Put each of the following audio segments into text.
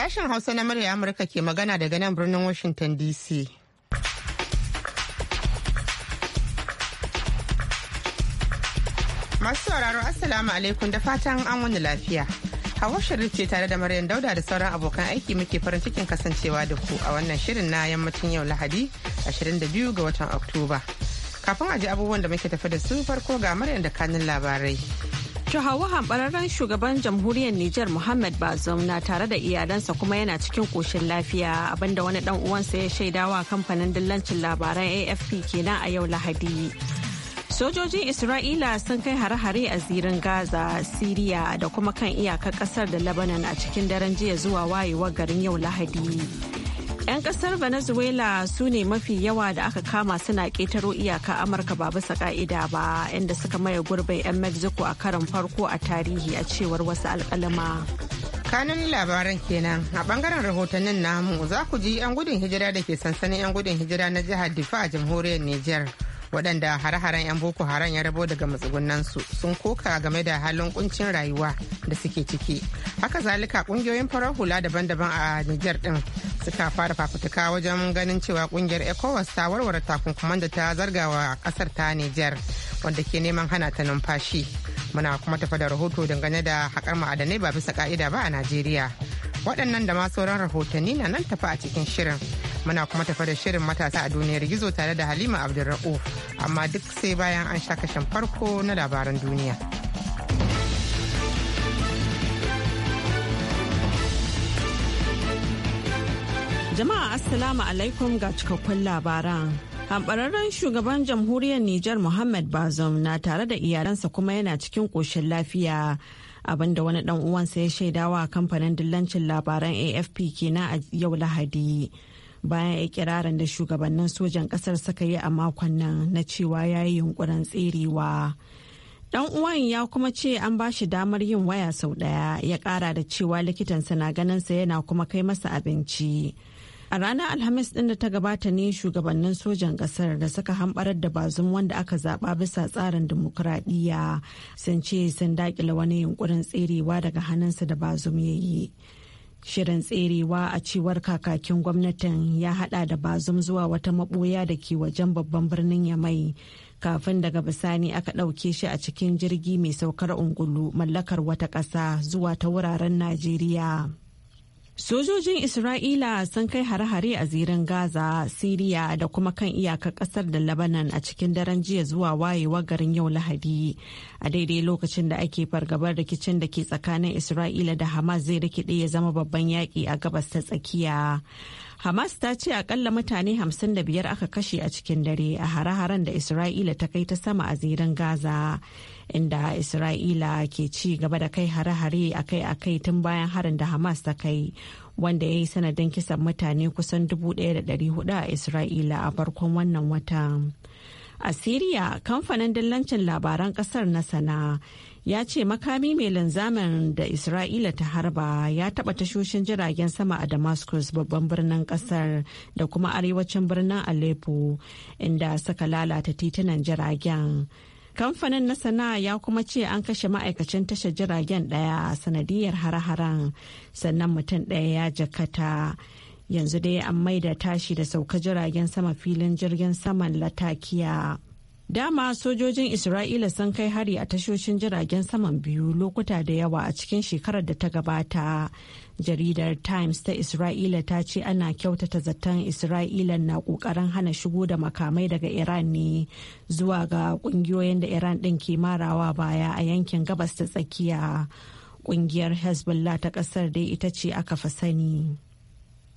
Sashen Hausa na murya Amurka ke magana daga nan birnin Washington DC. Masu sauraro Assalamu alaikum da fatan an wani lafiya. Hawa shirin ce tare da Maryam Dauda da sauran abokan aiki muke farin cikin kasancewa da ku a wannan shirin na yammacin yau Lahadi 22 ga watan Oktoba. Kafin a ji abubuwan da muke tafi da su farko ga Maryam da kanin labarai. Shahawa bararren shugaban jamhuriyar Nijar Muhammad Bazoum na tare da iyalansa kuma yana cikin koshin lafiya abinda wani dan uwansa ya shaidawa kamfanin dillancin labaran AFP kenan a yau Lahadi. Sojojin Isra'ila sun kai hare-hare a zirin Gaza, Siriya da kuma kan iyakar kasar da Lebanon a cikin daren jiya zuwa wayewar garin yau Lahadi. 'Yan kasar Venezuela su ne mafi yawa da aka kama suna ƙetaro iyaka Amurka ba bisa ka'ida ba inda suka maye gurbin 'yan Mexico a karin farko a tarihi a cewar wasu alƙalama. kanun labaran kenan a bangaren rahotannin namu za ku ji 'yan gudun hijira da ke sansanin 'yan gudun hijira na jihar difa a jamhuriyar niger waɗanda hare-haren 'yan boko haram ya rabo daga matsugunansu sun koka game da halin kuncin rayuwa da suke ciki haka zalika ƙungiyoyin farar hula daban-daban a niger ɗin suka fara fafutuka wajen ganin cewa kungiyar ecowas ta warware takunkuman da ta zargawa kasar ta niger wanda ke neman hana ta numfashi muna kuma tafa da rahoto dangane da haƙar ma'adanai ba bisa ka'ida ba a najeriya waɗannan da ma sauran rahotanni na nan tafa a cikin shirin muna kuma tafa da shirin matasa a duniyar gizo tare da halima abdulra'u amma duk sai bayan an sha kashin farko na labaran duniya. Jama'a Assalamu alaikum ga cikakkun labaran. Hambararren shugaban jamhuriyar Nijar Muhammad Bazoum na tare da iyalansa kuma yana cikin ƙoshin lafiya. abinda wani dan uwansa ya shaidawa kamfanin dillancin labaran AFP kenan a yau Lahadi. Bayan ikirarin da shugabannin sojan kasar suka yi a makon nan na cewa ya yi yunkurin tserewa. Dan uwan ya kuma ce an ba shi damar yin waya sau daya ya kara da cewa likitansa na ganin sa yana kuma kai masa abinci. A ranar Alhamis ɗin da ta gabata ne shugabannin sojan ƙasar da suka hambarar da bazum wanda aka zaɓa bisa tsarin dimokuraɗiyya sun ce sun daƙila wani yunkurin tserewa daga hannunsa da bazum ya yi. Shirin tserewa a cewar kakakin gwamnatin ya haɗa da bazum zuwa wata maɓoya da ke wajen babban birnin Yamai. kafin daga bisani aka ɗauke shi a cikin jirgi mai saukar ungulu mallakar wata ƙasa zuwa ta wuraren Najeriya. Sojojin Isra'ila sun kai hare-hare a zirin Gaza, Siriya da kuma kan iyakar kasar da Lebanon a cikin daren jiya zuwa wayewa garin yau Lahadi. A daidai lokacin da ake fargabar rikicin da ke tsakanin Isra'ila da Hamas zai rikide ya zama babban yaƙi a gabas ta tsakiya. Hamas ta ce akalla mutane 55 aka kashe a cikin dare a hare-haren da Isra'ila ta kai ta sama a zirin Gaza. inda isra'ila ke ci gaba da kai hare-hare akai-akai tun bayan harin da hamas ta kai wanda ya yi sanadin kisan mutane kusan 1,400 a isra'ila a farkon wannan wata a siriya kamfanin dillancin labaran kasar na sana ya ce makami mai linzamin da isra'ila ta harba ya taba tashoshin jiragen sama a damascus babban birnin kasar da kuma arewacin birnin aleppo inda suka lalata titunan jiragen kamfanin na sana'a ya kuma ce an kashe ma'aikacin tashar jiragen daya sanadiyar hare-haren sannan mutum daya ya jakata yanzu dai an maida tashi da sauka jiragen sama filin jirgin saman latakiya Dama sojojin Isra'ila sun kai hari a tashoshin jiragen saman biyu lokuta da yawa a cikin shekarar da ta gabata. Jaridar Times ta Isra'ila ta ce ana kyautata zaton Isra'ila na ƙoƙarin hana shigo da makamai daga Iran ne zuwa ga ƙungiyoyin da Iran ɗin ke marawa baya a yankin gabas ta tsakiya. Ƙungiyar Hezbollah ta ƙasar dai ita ce aka fa sani.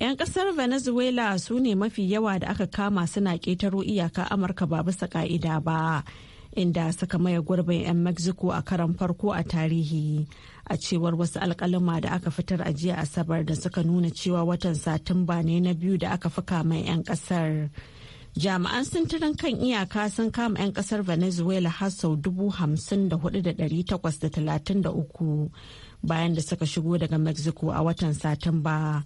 'Yan kasar Venezuela su ne mafi yawa da aka kama suna ƙetaro iyaka Amurka ba bisa ka'ida ba, inda suka maye gurbin 'yan Mexico a karan farko a tarihi. A cewar wasu alkalima da aka fitar a jiya Asabar da suka nuna cewa watan Satumba ne na biyu da aka fi kama 'yan kasar. jami'an sintirin kan iyaka sun kama 'yan kasar venezuela har sau uku bayan da suka shigo daga mexico a watan satumba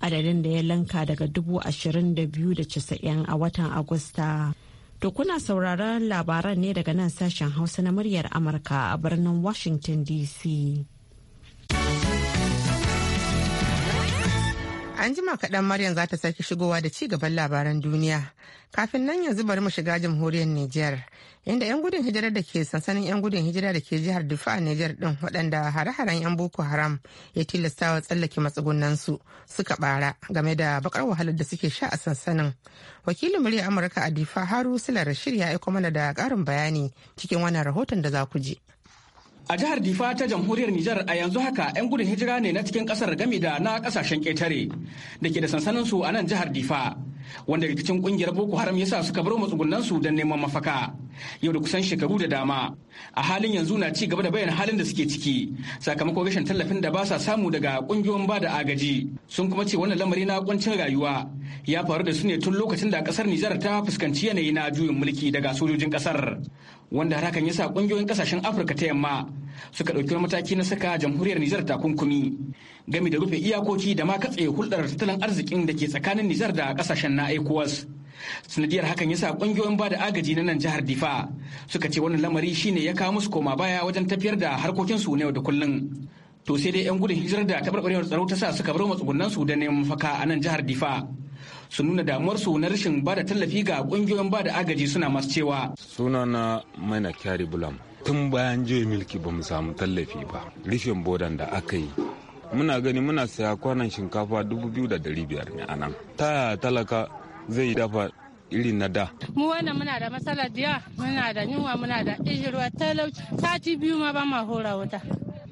adadin da ya lanka daga dubu ashirin da biyu da casa'in a watan agusta to kuna sauraron labaran ne daga nan sashen hausa na muryar amurka a birnin washington dc An jima kaɗan Maryam za ta sake shigowa da ci gaban labaran duniya. Kafin nan yanzu bari mu shiga jamhuriyar Nijar, inda 'yan gudun hijira da ke sansanin 'yan gudun hijira da ke jihar Dufa a Nijar ɗin waɗanda hare-haren 'yan Boko Haram ya tilastawa tsallake matsugunansu suka ɓara game da bakar wahalar da suke sha a sansanin. Wakilin murya Amurka a Difa Haru Sular Rashid ya aiko mana da ƙarin bayani cikin wannan rahoton da za ku ji. A jihar Difa ta jamhuriyar Nijar a yanzu haka 'yan gudun hijira ne na cikin kasar gami da na kasashen ƙetare da ke da sansaninsu a nan jihar Difa. Wanda rikicin kungiyar Boko Haram ya sa suka bar matsugunansu don neman mafaka. Yau da kusan shekaru da dama. A halin yanzu na ci gaba da bayan halin da suke ciki sakamakon rashin tallafin da ba sa samu daga kungiyoyin ba da agaji. Sun kuma ce wannan lamari na kuncin rayuwa ya faru da su ne tun lokacin da kasar Nijar ta fuskanci yanayi na juyin mulki daga sojojin kasar. wanda har hakan yasa kungiyoyin kasashen afirka ta yamma suka ɗauki wani mataki na saka jamhuriyar nijar takunkumi game da rufe iyakoki da ma katse hulɗar tattalin arzikin da ke tsakanin nijar da kasashen na ecowas sanadiyar hakan yasa kungiyoyin ba da agaji na nan jihar difa suka ce wannan lamari shine ya kawo musu koma baya wajen tafiyar da harkokinsu na yau da kullum to sai dai 'yan gudun hijirar da taɓarɓarewar tsaro ta sa suka bar matsugunan su da neman mafaka a nan jihar difa su nuna damuwarsu na rashin bada tallafi ga kungiyoyin ba da agaji suna masu cewa sunana maina kyari bulam tun bayan jiya milki bamu samu tallafi ba rufin bodan da aka yi muna gani muna saya kwanan shinkafa dubu biyu da biyar ne a nan ta talaka zai dafa iri na da. Mu wannan muna da matsalar diya, muna da yunwa, muna da ijirwa talauci, sati biyu ma ba ma hura wuta.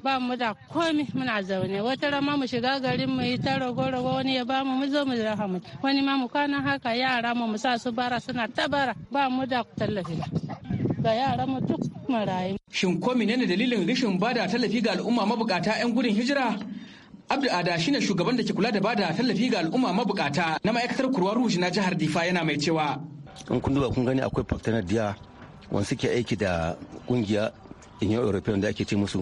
ba mu da komi muna zaune wata rama mu shiga garin mu yi ta rago rago wani ya ba mu zo mu raha mu wani ma mu kwana haka yara mu mu sa su bara suna ta bara ba mu da tallafi ga yara mu duk marayu. Shin ko menene dalilin rashin bada tallafi ga al'umma mabukata 'yan gudun hijira? Abdu Ada shine shugaban da ke kula da bada tallafi ga al'umma mabukata na ma'aikatar Kurwa Rouge na jihar Difa yana mai cewa. In kun duba kun gani akwai Pakistaniya wani suke aiki da kungiya Union European da ake ce musu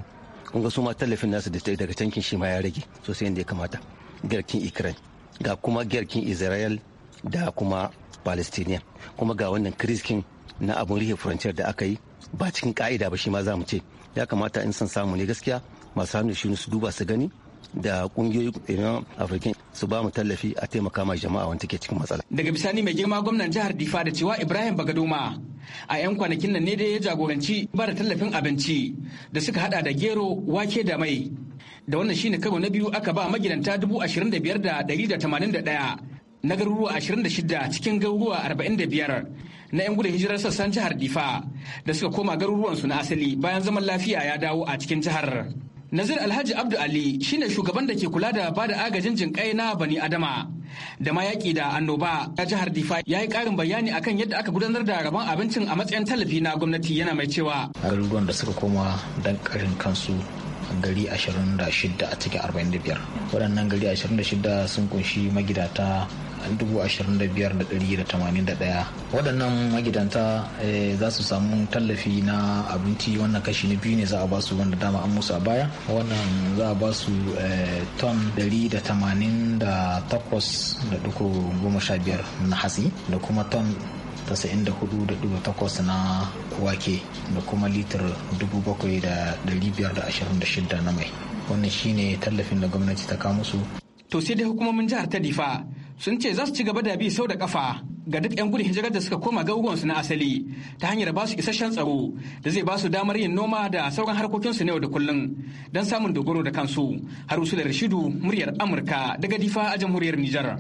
kun ga su ma tallafin nasu da daga tankin shi ma ya rage sosai inda ya kamata garkin ukraine ga kuma garkin israel da kuma palestinian kuma ga wannan kiriskin na abun rihe frontier da aka yi ba cikin ka'ida ba shi ma za mu ce ya kamata in san samu ne gaskiya masu hannu shi su duba su gani da kungiyoyi eh, iran afirkin su ba mu tallafi a taimaka ma jama'a wanda ke cikin matsala daga bisani mai girma gwamnan jihar difa da cewa ibrahim bagadoma a 'yan kwanakin nan ne dai ya jagoranci ba da tallafin abinci da suka hada da gero wake da mai da wannan shine karo na biyu aka ba magidanta dubu ashirin da biyar da dari da tamanin da ɗaya na garuruwa ashirin da shida cikin garuruwa arba'in da biyar na 'yan gudun hijirar sassan jihar difa da suka koma garuruwansu na asali bayan zaman lafiya ya dawo a cikin jihar nazir alhaji abdu ali shine shugaban da ke kula da bada agajin jinkai na bani adama da ma da annoba ta jihar Difa ya yi ƙarin bayani akan yadda aka gudanar da rabon abincin a matsayin tallafi na gwamnati yana mai cewa. Garuruwan da suka koma dan karin kansu gari 26 a cikin 45 waɗannan gari 26 sun kunshi magidata 25,181 waɗannan magidanta eh, za su samu tallafi na abinci wannan kashi na biyu ne za a basu wanda dama an musu a baya wannan za a basu eh, ton 188.15 na hatsi da kuma ton 94.8 na wake da kuma litir 7,526 na mai wannan shine tallafin da gwamnati ta kamusu musu to sai dai hukumomin jihar ta difa sun ce za su ci gaba da bi sau da kafa ga duk 'yan gudun hijirar da suka koma garuruwansu na asali ta hanyar ba su isasshen tsaro da zai ba su damar yin noma da sauran harkokinsu na yau da kullum don samun dogaro da kansu har usular rashidu muryar amurka daga difa a jamhuriyar nijar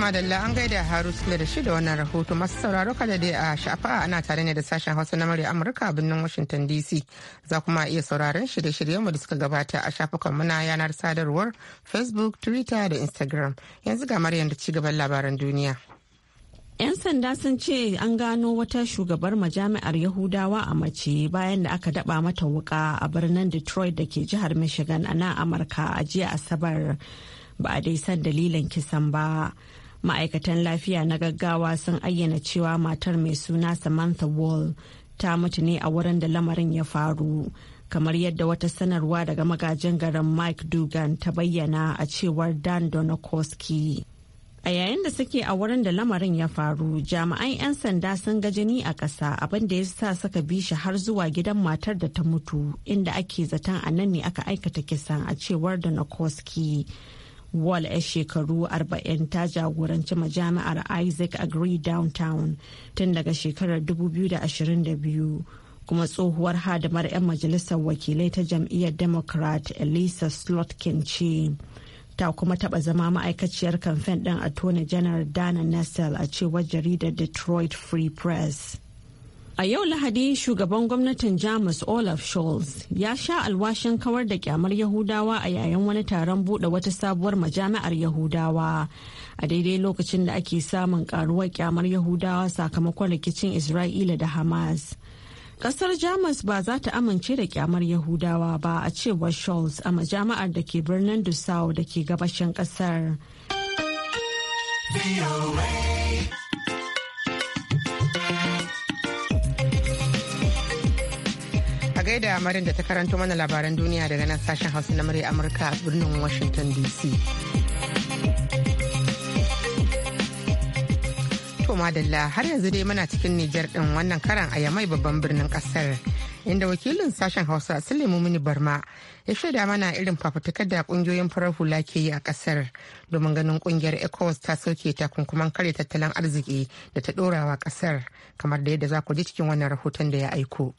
madalla an gaida haru sule da shi da wannan rahoto masu sauraro kada dai a shafa ana tare ne da sashen hausa na murya amurka a birnin washington dc za kuma iya sauraron shirye-shiryen mu da suka gabata a shafukan muna yanar sadarwar facebook twitter da instagram yanzu ga maryam da cigaban labaran duniya 'Yan sanda sun ce an gano wata shugabar majami'ar Yahudawa a mace bayan da aka daba mata wuka a birnin Detroit da ke jihar Michigan a nan Amurka a jiya Asabar ba a dai san dalilin kisan ba. ma'aikatan lafiya na gaggawa sun ayyana cewa matar mai suna samantha wall ta mutu ne a wurin da lamarin ya faru kamar yadda wata sanarwa daga magajin garin mike dugan ta bayyana a cewar dan donokoski a yayin da suke a wurin da lamarin ya faru jami'an 'yan sanda sun ga jini a ƙasa abinda ya sa suka bi shi har zuwa gidan matar da ta mutu inda ake zaton a nan ne aka aikata kisan a cewar da koski Wall 'yar shekaru 40 ta jagoranci majami'ar Isaac Agree Downtown tun daga shekarar 2022 kuma tsohuwar hadamar 'yan majalisar wakilai ta jam'iyyar Democrat Elisa Slotkin ce. Ta kuma taɓa zama ma'aikaciyar kamfen ɗin Attorney janar Dana Nessel a cewar jaridar Detroit Free Press. A yau Lahadi shugaban gwamnatin Jamus Olaf Scholz ya sha alwashin kawar da kyamar Yahudawa a yayin wani taron buɗe wata sabuwar majami'ar Yahudawa. A daidai lokacin da ake samun karuwar kyamar Yahudawa sakamakon rikicin Isra'ila da Hamas. Kasar Jamus ba za ta amince da kyamar Yahudawa ba a cewar Scholz a majami'ar da ke birnin Dusau da ke gabashin kasar. gaida marin da ta karanto mana labaran duniya daga nan sashen hausa na murya amurka a birnin washington dc to madalla har yanzu dai muna cikin nijar din wannan karan a yamai babban birnin kasar inda wakilin sashen hausa sulemu mini barma ya shaida mana irin fafutukar da kungiyoyin farar hula ke yi a kasar domin ganin kungiyar ecowas ta soke takunkuman kare tattalin arziki da ta dorawa kasar kamar da yadda za ku ji cikin wannan rahoton da ya aiko.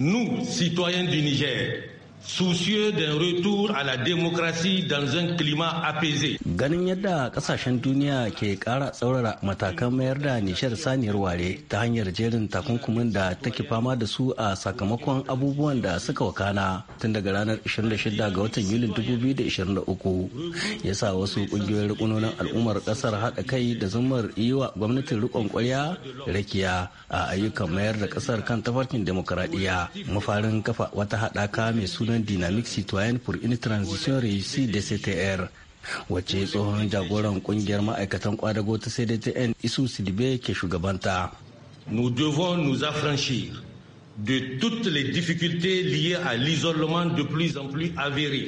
Nous, citoyens du Niger, soucieux d'un retour à la démocratie dans un climat apaisé. Ganin yadda kasashen duniya ke kara tsaurara matakan mayar da nishar saniyar ware ta hanyar jerin takunkumin da take fama da su a sakamakon abubuwan da suka wakana tun daga ranar 26 ga watan Yulin 2023 ya sa wasu kungiyoyin rukunonin al'ummar kasar haɗa kai da zumar yiwa gwamnatin rikon kwarya rakiya a ayyukan mayar da kasar kan tafarkin demokradiya mafarin kafa wata haɗaka mai suna dynamique dynamique citoyen pour une transition réussie des ctr nous devons nous affranchir de toutes les difficultés liées à l'isolement de plus en plus avéré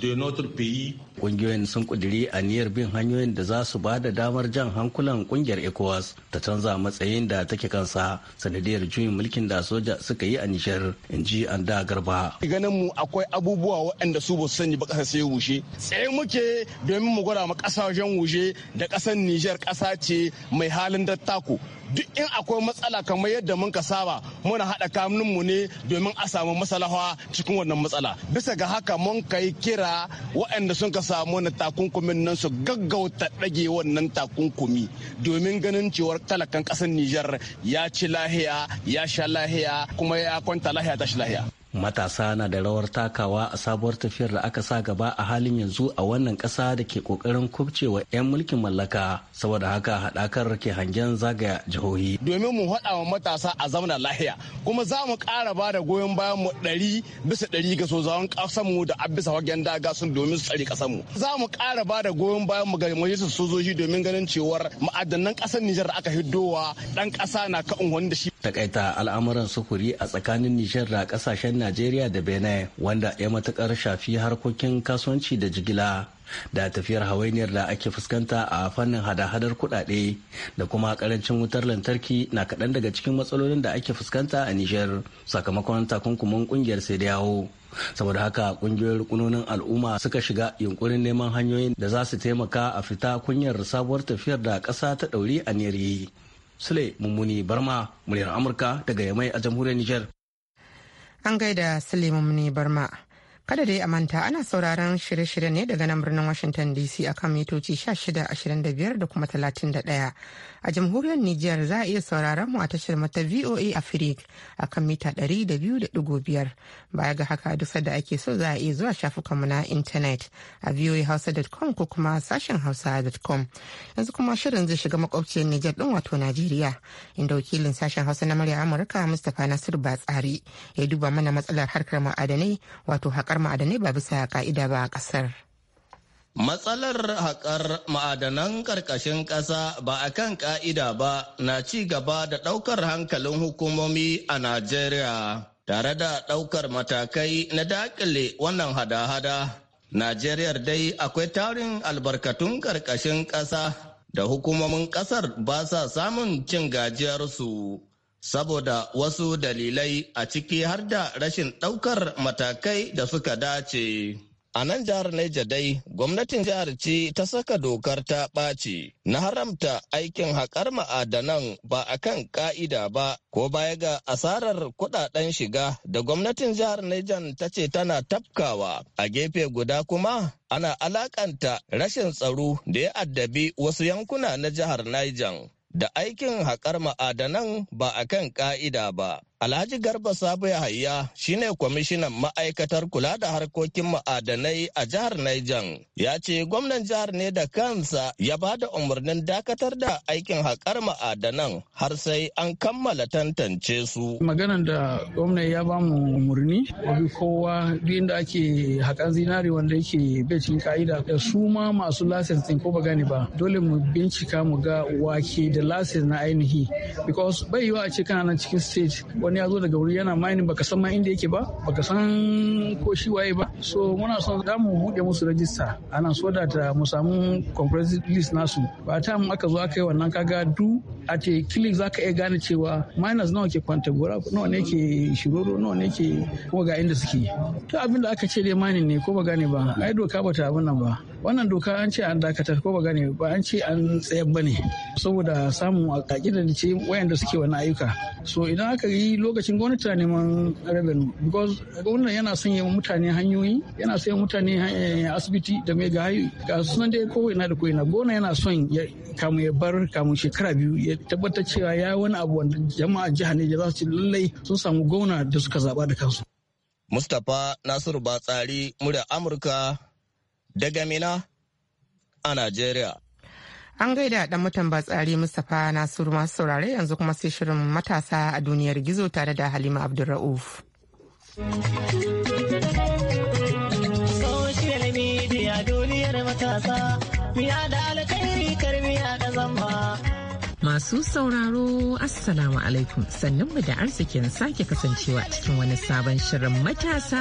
de notre pays Ƙungiyoyin sun ƙudiri aniyar bin hanyoyin da za su ba da damar jan hankulan ƙungiyar ECOWAS ta canza matsayin da take kansa sanadiyar juyin mulkin da soja suka yi a Nijar, in ji an da garba. Ganin mu akwai abubuwa waɗanda su ba su sani ba ƙasa sai wushe. Tsaye muke domin mu gwada ma ƙasashen wushe da ƙasar Nijar ƙasa ce mai halin dattako. duk in akwai matsala kamar yadda mun ka saba muna haɗa mu ne domin a samu masalawa cikin wannan matsala bisa ga haka mun kai kira waɗanda sun ka samu na takunkumin nan su gaggauta ɗage wannan takunkumi domin ganin cewar talakan ƙasar Nijar ya ci lahiya ya sha lahiya kuma ya kwanta lahiya ta shi lahiya. matasa na da rawar takawa a sabuwar tafiyar da aka sa gaba a halin yanzu a wannan kasa da ke kokarin kubcewa 'yan mulkin mallaka saboda haka haɗakar ke hangen zagaya jihohi domin mu haɗa wa matasa a zamanin lahiya kuma za mu ƙara ba da goyon bayan mu ɗari bisa ɗari ga sozawan mu da abisa wajen daga sun domin su tsare mu za mu ƙara ba da goyon bayan mu ga majalisar sojoji domin ganin cewar ma'adanan ƙasar Nijar da aka hiddowa ɗan ƙasa na ka'un da shi takaita al'amuran sufuri a tsakanin Nijar da ƙasashen najeriya da benin wanda ya matukar shafi harkokin kasuwanci da jigila da tafiyar hawainiyar da ake fuskanta a fannin hada-hadar kudade da kuma karancin wutar lantarki na kaɗan daga cikin matsalolin da ake fuskanta a nijar sakamakon takunkumin kungiyar sai da yawo saboda haka ƙungiyoyin rukunonin al'umma suka shiga yunkurin neman hanyoyin da za su taimaka a fita kunyar sabuwar tafiyar da ƙasa ta ɗauri a neri sule mummuni barma muryar amurka daga yamai a jamhuriyar nijar an gaida suleiman barma Kada dai a manta ana sauraron shirye-shirye ne daga nan birnin Washington DC akan mitoci 1625 da kuma 31. A jamhuriyar Nijar za a iya sauraron mu a tashar mata VOA a akan mita 200.5. Baya ga haka duk da ake so za a iya zuwa shafukanmu na intanet a voahausa.com ko kuma sashen hausa.com. Yanzu kuma shirin zai shiga makwabciyar Nijar din wato Najeriya inda wakilin sashen Hausa na murya Amurka Mustapha Nasiru Batsari ya duba mana matsalar harkar ma'adanai wato haka haƙar ma'adanai ba bisa ka'ida ba a ƙasar. Matsalar haƙar ma'adanan ƙarƙashin ƙasa ba a kan ƙa'ida ba na ci gaba da ɗaukar hankalin hukumomi a Najeriya tare da ɗaukar matakai na daƙile wannan hada-hada. Najeriya dai akwai tarin albarkatun ƙarƙashin ƙasa da hukumomin ƙasar ba sa samun cin gajiyarsu. saboda wasu dalilai a ciki har da rashin ɗaukar matakai da suka dace. A nan jihar Niger dai, gwamnatin jihar ce ta saka dokar ta ɓaci na haramta aikin haƙar ma'adanan ba a kan ƙa'ida ba, ko baya ga asarar kuɗaɗen shiga da gwamnatin jihar Niger ta ce tana tafkawa. A gefe guda kuma, ana alakanta rashin tsaro da ya addabi wasu yankuna na jihar Niger. da aikin haƙar ma'adanan ba a kan ƙa'ida ba Alhaji Garba Sabo Yahaya shine kwamishinan ma'aikatar kula da harkokin ma'adanai a jihar Niger. Ya ce gwamnan jihar ne da kansa ya ba da umarnin dakatar da aikin haƙar ma'adanan har sai an kammala tantance su. Maganan da gwamnan ya ba mu umarni, wabi kowa duk inda ake haƙar zinari wanda yake bai cikin ka'ida da su ma masu lasens ko ba gani ba dole mu bincika mu ga wake da lasens na ainihi because bai yiwa a ce kana nan cikin state wani ya zo daga wuri yana mining baka san ma inda yake ba baka san ko shi waye ba so muna son za mu buɗe musu rajista ana so da ta mu samu comprehensive list nasu ba ta mu aka zo aka yi wannan kaga du a ce click zaka iya gane cewa miners nawa ke kwantagora nawa ne ke shiroro nawa ne ke kuma ga inda suke to abin da aka ce dai mining ne ko ba gane ba ai doka ba ta abin nan ba wannan doka an ce an dakatar ko ba gane ba an ce an tsayar ba ne saboda samun a da ce wayanda suke wannan ayyuka so idan aka yi lokacin gwamnati na neman revenue because gwamnati yana son yi mutane hanyoyi yana son mutane eh, asibiti da mai ga ga sunan dai ko ina da ko ina gwamnati yana son ya kamu ya bar kamun shekara biyu ya tabbatar cewa ya wani abu wanda jama'a jiha ne za su lallai sun samu gwamna da suka zaba da kansu Mustapha Nasiru Batsari murya Amurka daga Mina a Najeriya. An gaida dan mutan batsari Mustapha Nasiru masu saurare yanzu kuma sai shirin matasa a duniyar gizo tare da Halima Abdulra'uf. Social duniyar matasa, da Masu sauraro Assalamu alaikum sannan mu da arzikin sake kasancewa cikin wani sabon shirin matasa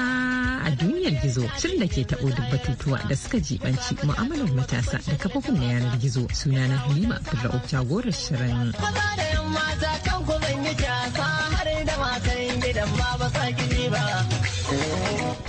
a duniyar gizo shirin da ke taɓo duk batutuwa da suka jibanci mu'amalar matasa da kafofin na yanar gizo suna na Halima Abdullahi jagorar shirin. da da matan gidan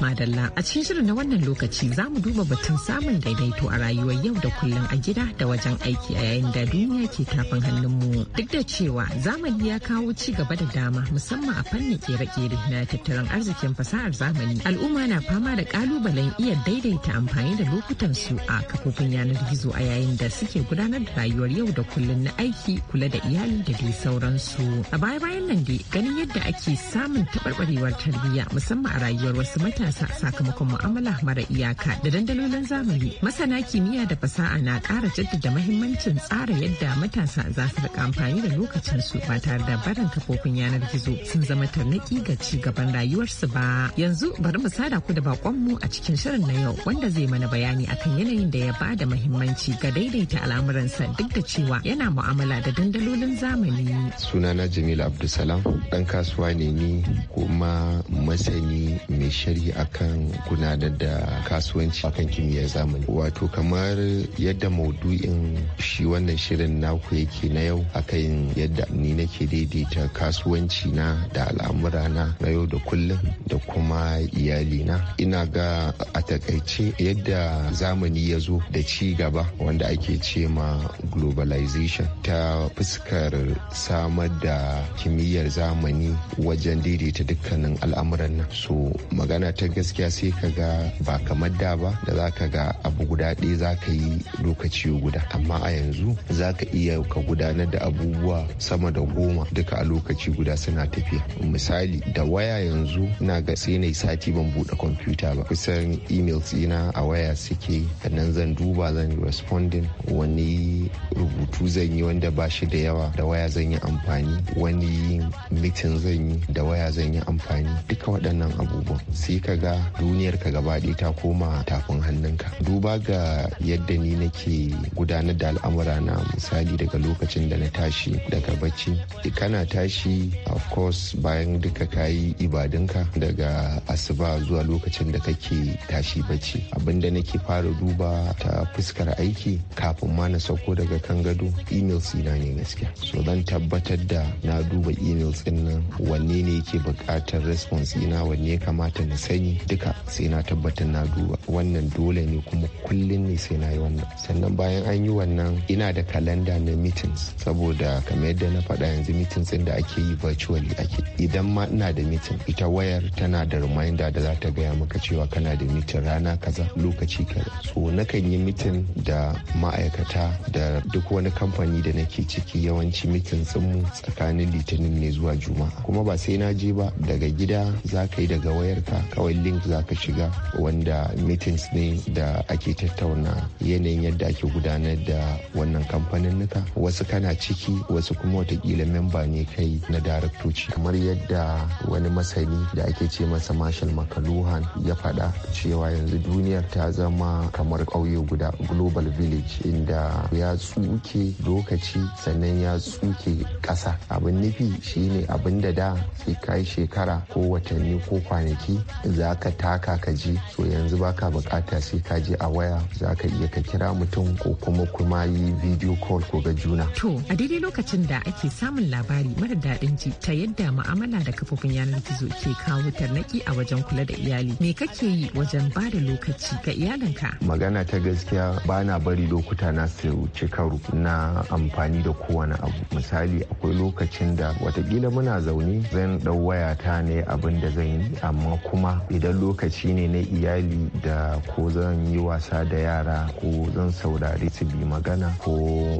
Madalla a cikin shirin na wannan lokaci za mu duba batun samun daidaito a rayuwar yau da kullum a gida da wajen aiki a yayin da duniya ke tafin hannunmu. Duk da cewa zamani ya kawo ci gaba da dama musamman a fannin kere-kere na tattalin arzikin fasahar zamani. Al'umma na fama da kalubalen iya daidaita amfani da lokutan su a kafofin yanar gizo a yayin da suke gudanar da rayuwar yau da kullum na aiki kula da iyali da dai sauransu. A baya-bayan nan dai ganin yadda ake samun taɓarɓarewar tarbiyya musamman a rayuwar wasu matasa sakamakon mu'amala mara iyaka da dandalolin zamani masana kimiyya da fasaha na kara jaddada mahimmancin tsara yadda matasa za su rika amfani da lokacin su ba tare da barin kafofin yanar gizo sun zama tarnaki ga ci gaban rayuwarsu ba yanzu bari mu sada ku da bakonmu a cikin shirin na yau wanda zai mana bayani akan yanayin da ya ba da mahimmanci ga daidaita al'amuransa duk da cewa yana mu'amala da dandalolin zamani sunana jamila abdulsalam dan kasuwa ne ni kuma masani mai shari'a akan gudanar da kasuwanci akan kimiyyar zamani wato kamar yadda maudu'in shi wannan shirin naku yake na yau akan yadda ni nake daidaita kasuwanci na da al'amura na na yau da kullum da kuma iyali na ina ga a takaice yadda zamani ya zo da ci gaba wanda ake ce ma globalization ta fuskar samar da kimiyyar zamani wajen daidaita dukkanin al'amuran nan so magana ta gaskiya sai ka ga ba kamar da ba da za ka ga abu guda ɗaya za ka yi lokaci guda amma a yanzu za ka iya ka gudanar da abubuwa sama da goma duka a lokaci guda suna tafiya misali da waya yanzu na ga sai na sati ban buɗe kwamfuta ba kusan emails ina a waya suke nan zan duba zan responding wani rubutu zan yi wanda ba shi da yawa da waya zan yi amfani wani mitin zan yi da waya zan yi amfani duka waɗannan abubuwan sai ka ga duniyar ka gaba ta koma tafin hannunka duba ga yadda ni nake gudanar da al'amura na misali daga lokacin da na tashi daga bacci kana tashi of course bayan duka kayi ibadunka daga asuba zuwa lokacin da kake tashi bacci da nake fara duba ta fuskar aiki kafin ma na sauko daga kan gado emails ina ne gaskiya so zan tabbatar da na duba emails din nan wanne ne yake buƙatar response ina wanne ya kamata na sani ni duka sai na tabbatar na duba wannan dole ne kuma kullum ne sai na yi wannan sannan bayan an yi wannan ina da kalanda na meetings saboda kamar yadda na faɗa yanzu meetings ɗin da ake yi virtually ake idan ma ina da meeting ita wayar tana da reminder da za ta gaya maka cewa kana da meeting rana kaza lokaci kaza so nakan yi meeting da ma'aikata da duk wani kamfani da nake ciki yawanci meeting mu tsakanin litinin ne zuwa juma'a kuma ba sai na je ba daga gida za ka yi daga wayarka kawai akwai link za ka shiga wanda meetings ne da ake tattauna yanayin yadda ake gudanar da wannan kamfanin nuka wasu kana ciki wasu kuma watakila memba ne kai na daraktoci kamar yadda wani masani da ake ce masa marshal makaluhan ya fada cewa yanzu duniyar ta zama kamar ƙauye guda global village inda ya tsuke lokaci sannan ya tsuke ƙasa abin nufi shine abin da da sai kai shekara ko watanni ko kwanaki za ka taka ka ji so yanzu baka bukata sai ka je a waya za ka iya ka kira mutum ko kuma kuma yi video call ko ga juna. To a daidai lokacin da ake samun labari mara daɗin ji ta yadda ma'amala da kafofin yanar gizo ke kawo tarnaki a wajen kula da iyali me kake yi wajen ba da lokaci ga iyalinka? Magana ta gaskiya ba na bari lokuta na su ci na amfani da kowane abu misali akwai lokacin da watakila muna zaune zan ɗau wayata ne abin da zan yi amma kuma idan lokaci ne na iyali da ko zan yi wasa da yara ko zan saurari su bi magana ko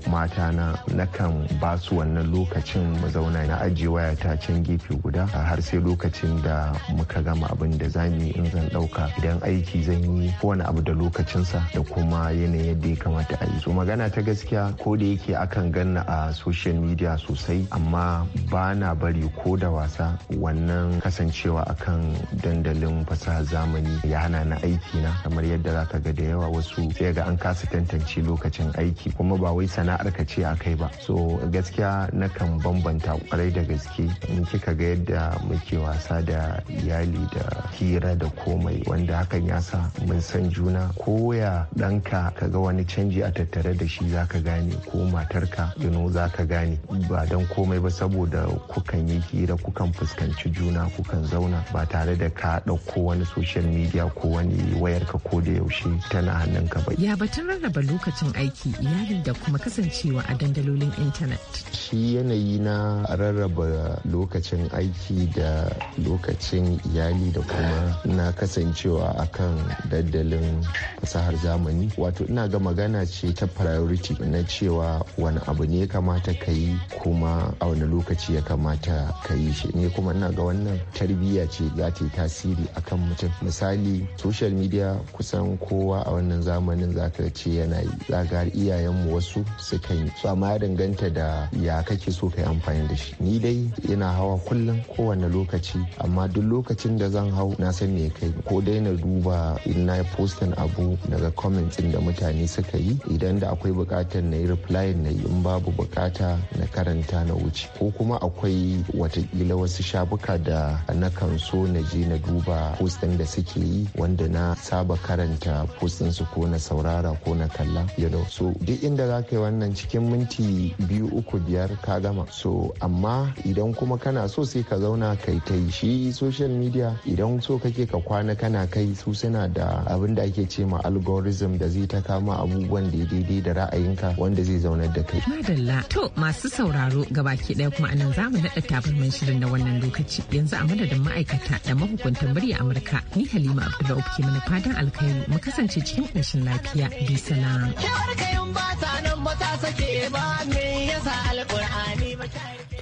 mata na nakan ba su wannan lokacin mu zauna na ajiye waya ta can gefe guda har sai lokacin da muka gama abin da za mu in zan ɗauka idan aiki zan yi kowane abu da lokacinsa da kuma yanayin yadda ya kamata a yi so magana ta gaskiya ko da yake akan ganna a social media sosai amma ba na bari ko da wasa wannan kasancewa akan dandalin fasaha zamani ya hana na aiki na kamar yadda za ka ga da yawa wasu sai ga an kasa tantance lokacin aiki kuma ba wai sana'ar ka ce a kai ba so gaskiya na kan bambanta kwarai da gaske in kika ga yadda muke wasa da iyali da hira da komai wanda hakan ya sa mun san juna koya danka ka ga wani canji a tattare da shi zaka gane ko matarka za zaka gane ba dan komai ba saboda kukan yi hira kukan fuskanci juna kukan zauna ba tare da ka ɗauko ko wani social media ko wani wayarka ko da yaushe tana hannun ka ba. Ya batun rarraba lokacin aiki iyali da kuma kasancewa a dandalolin intanet. Shi yanayi na rarraba lokacin aiki da lokacin iyali da kuma na kasancewa a kan dandalin fasahar zamani wato ina ga magana ce ta priority na cewa wani abu ne ya kamata ka yi kuma a wani lokaci ya kamata ka yi shi ne kuma ina ga wannan tarbiyya ce za ta yi tasiri a akan mutum misali social media kusan kowa a wannan zamanin zaka ce yana yi zaka har iyayenmu wasu sukan yi su amma ya danganta da ya kake so kai amfani da shi ni dai yana hawa kullum kowane lokaci amma duk lokacin da zan hau na san me kai ko dai na duba in na postin abu daga comments da mutane suka yi idan da akwai bukatar na yi reply na yi in babu bukata na karanta na wuce ko kuma akwai watakila wasu shabuka da na kan so na je na duba postin da suke yi wanda na saba karanta postin su ko na saurara ko na kalla you know so duk inda za ka yi wannan cikin minti biyu uku biyar ka gama so amma idan kuma kana so sai ka zauna kai ta yi shi social media idan so kake ka kwana kana kai su suna da abin da ake ce ma algorithm da zai ta kama abubuwan da daidai da ra'ayinka wanda zai zaunar da kai. Madalla to masu sauraro gabaki ɗaya kuma anan zamu mu naɗa tabarman shirin na wannan lokaci yanzu a madadin ma'aikata da mahukuntan murya Amurka. Ni Halima Abdullahi ke mana fadan alkhairi mu kasance cikin ƙarshen lafiya bi sana.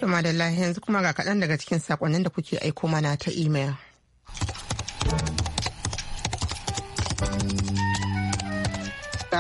To da yanzu kuma ga kaɗan daga cikin saƙonnin da kuke aiko mana ta imel.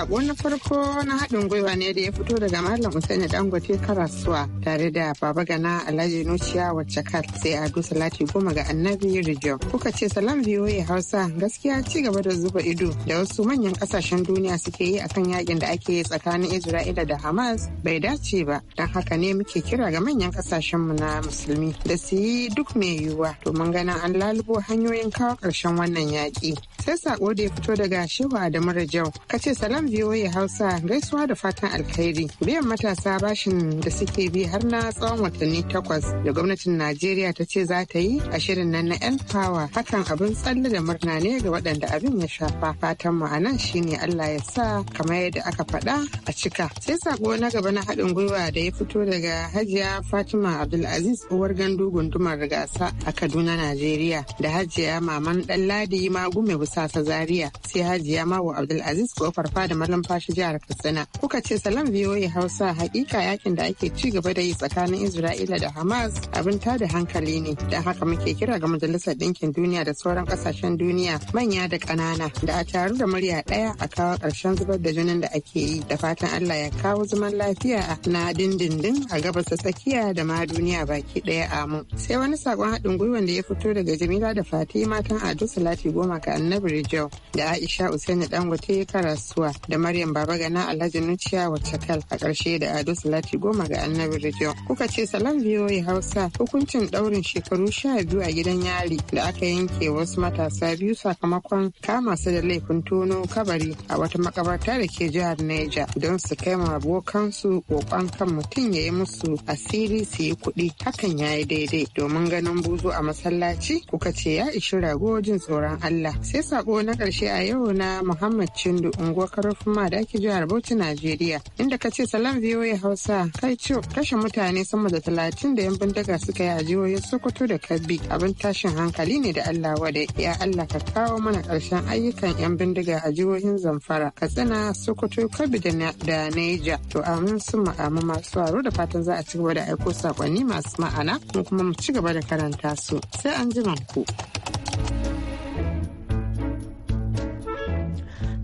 Sako na farko na haɗin gwiwa ne da ya fito daga Malam Usaini Dangote Karasuwa tare da Baba Gana Alhaji Nuciya wacce kar sai Ado Salati goma ga Annabi Rijo. Kuka ce salam ya Hausa gaskiya ci gaba da zuba ido da wasu manyan ƙasashen duniya suke yi akan yakin da ake yi tsakanin Isra'ila da Hamas bai dace ba. Don haka ne muke kira ga manyan kasashen mu na musulmi da su yi duk mai yiwuwa domin ganin an lalubo hanyoyin kawo ƙarshen wannan yaƙi. Sai sako da ya fito daga Shehu Adamu Rajau ka ce salam VOA Hausa gaisuwa da fatan alkhairi. Biyan matasa bashin da suke bi har na tsawon watanni takwas da gwamnatin Najeriya ta ce za ta yi a shirin nan na 'yan Power. Hakan abin tsalle da murna ne ga waɗanda abin ya shafa. Fatan mu anan shine Allah ya sa kamar yadda aka faɗa a cika. Sai sako na gaba na haɗin gwiwa da ya fito daga Hajiya Fatima Abdulaziz uwar gandu gundumar gasa a Kaduna Najeriya da Hajiya Maman Ɗanladi Magume Busasa Zaria sai Hajiya Mawu Abdulaziz kofar da malamfashi jihar Katsina. Kuka ce salam ya Hausa hakika yakin da ake ci gaba da yi tsakanin Isra'ila da Hamas abin tada hankali ne. Da haka muke kira ga Majalisar Ɗinkin Duniya da sauran kasashen duniya manya da ƙanana da a taru da murya ɗaya a kawo ƙarshen zubar da jinin da ake yi da fatan Allah ya kawo zaman lafiya na dindindin a gabas ta tsakiya da ma duniya baki ɗaya amu. Sai wani sakon haɗin gwiwan da ya fito daga Jamila da Fatima matan Ado Salati Goma ga Annabi Rijau da Aisha Usaini Dangote Karasuwa da Maryam Baba Gana Alhaji Nuciya Wacakal a ƙarshe da Ado Salati goma ga Annabi Radio. Kuka ce salam ya Hausa hukuncin ɗaurin shekaru sha biyu a gidan yari da aka yanke wasu matasa biyu sakamakon kama su da laifin tono kabari a wata makabarta da ke jihar Neja don su kai ma abokansu kokon kan mutum ya yi musu asiri su yi kuɗi hakan ya yi daidai domin ganin buzu a masallaci kuka ce ya ishi ragojin tsoron Allah. Sai saƙo na ƙarshe a yau na Muhammad Chindu Unguwar kuma ma da ake jihar Bauchi Najeriya inda ka ce salam VOA Hausa kai ciwo kashe mutane sama da talatin da yan bindiga suka yi a jihohin Sokoto da kabi abin tashin hankali ne da Allah wadai ya Allah ka kawo mana karshen ayyukan yan bindiga a jihohin Zamfara Katsina Sokoto kabi da Niger to amin sun ma'amu masu aro da fatan za a ci gaba da aiko sakonni masu ma'ana mu kuma mu ci gaba da karanta su sai an ji ku.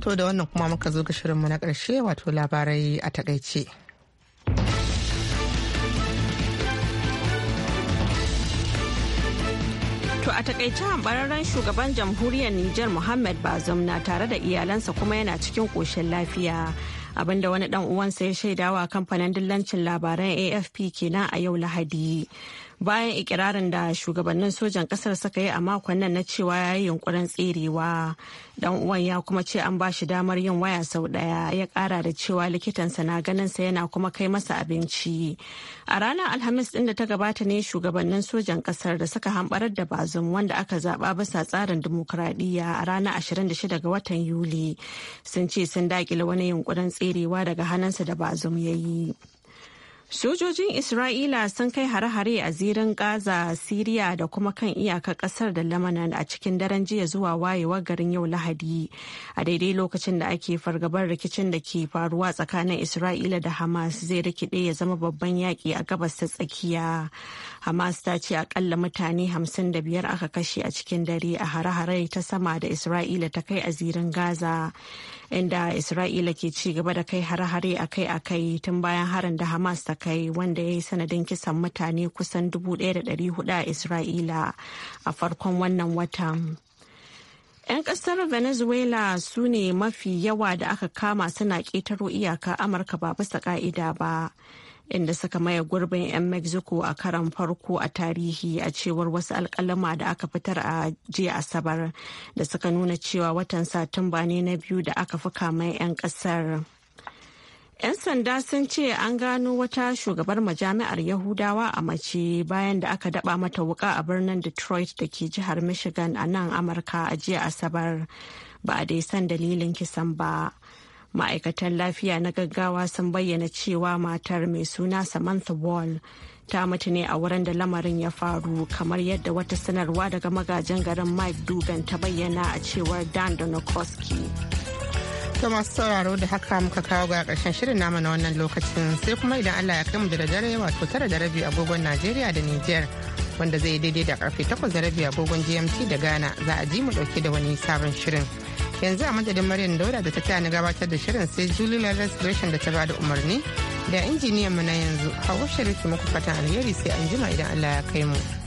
To da wannan kuma muka zo ga shirinmu na ƙarshe wato labarai a takaice. To a takaice hambararren shugaban jamhuriyar Nijar Muhammad Bazum na tare da iyalansa kuma yana cikin ƙoshin lafiya. abinda wani dan uwansa ya shaidawa kamfanin dillancin labaran AFP kenan a yau Lahadi. bayan ikirarin da shugabannin sojan kasar suka yi a makon nan na cewa ya yi yunkurin tserewa dan uwan ya kuma ce an ba shi damar yin waya sau daya ya kara da cewa likitansa na ganinsa yana kuma kai masa abinci a ranar alhamis din da ta gabata ne shugabannin sojan kasar da suka hambarar da bazum wanda aka zaba bisa tsarin dimokuraɗiyya a ranar 26 ga watan yuli sun ce sun dakile wani yunkurin tserewa daga hannunsa da bazum ya yi Sojojin Isra'ila sun kai hare-hare a zirin Gaza, Siriya da kuma kan iyaka kasar da Lamanan a cikin daren jiya zuwa wayewar garin yau Lahadi. A daidai lokacin da ake fargabar rikicin da ke faruwa tsakanin Isra'ila da Hamas zai rikide ya zama babban yaƙi a gabas ta tsakiya. Hamas ta ce akalla mutane 55 aka kashe a cikin dare a hare-hare ta sama da Isra'ila ta kai azirin Gaza, inda Isra'ila ke ci gaba da kai hare-hare akai-akai tun bayan harin da Hamas ta kai wanda ya yi sanadin kisan mutane kusan 1,400 a Isra'ila a farkon wannan watan. 'Yan kasar Venezuela su ne mafi yawa da aka kama suna ƙetaro iyaka Amurka ba bisa ƙa'ida ba. inda suka maye gurbin 'yan mexico a karan farko a tarihi a cewar wasu alkalama da aka fitar a jiya asabar da suka nuna cewa watan satumba ne na biyu da aka fi kama 'yan kasar 'yan sanda sun ce an gano wata shugabar majami'ar yahudawa a mace bayan da aka daba mata wuka a birnin detroit da ke jihar michigan a nan amurka a jiya asabar ba a dai san dalilin kisan ba. ma'aikatan lafiya na gaggawa sun bayyana cewa matar mai suna samantha wall ta mutu ne a wurin da lamarin ya faru kamar yadda wata sanarwa daga magajin garin mike dugan ta bayyana a cewar dan donokoski ta masu sauraro da haka muka kawo ga karshen shirin namu na wannan lokacin sai kuma idan allah ya kai mu da dare wato tara da rabi agogon najeriya da niger wanda zai daidai da karfe takwas da rabi agogon gmt da ghana za a ji mu dauke da wani sabon shirin yanzu a madadin maryam daura da ta tani gabatar da shirin sai julie lalas gresham da ta bada umarni da injiniyan mu na yanzu hawa sharifi muku fatan alheri sai an jima idan allah ya kai mu.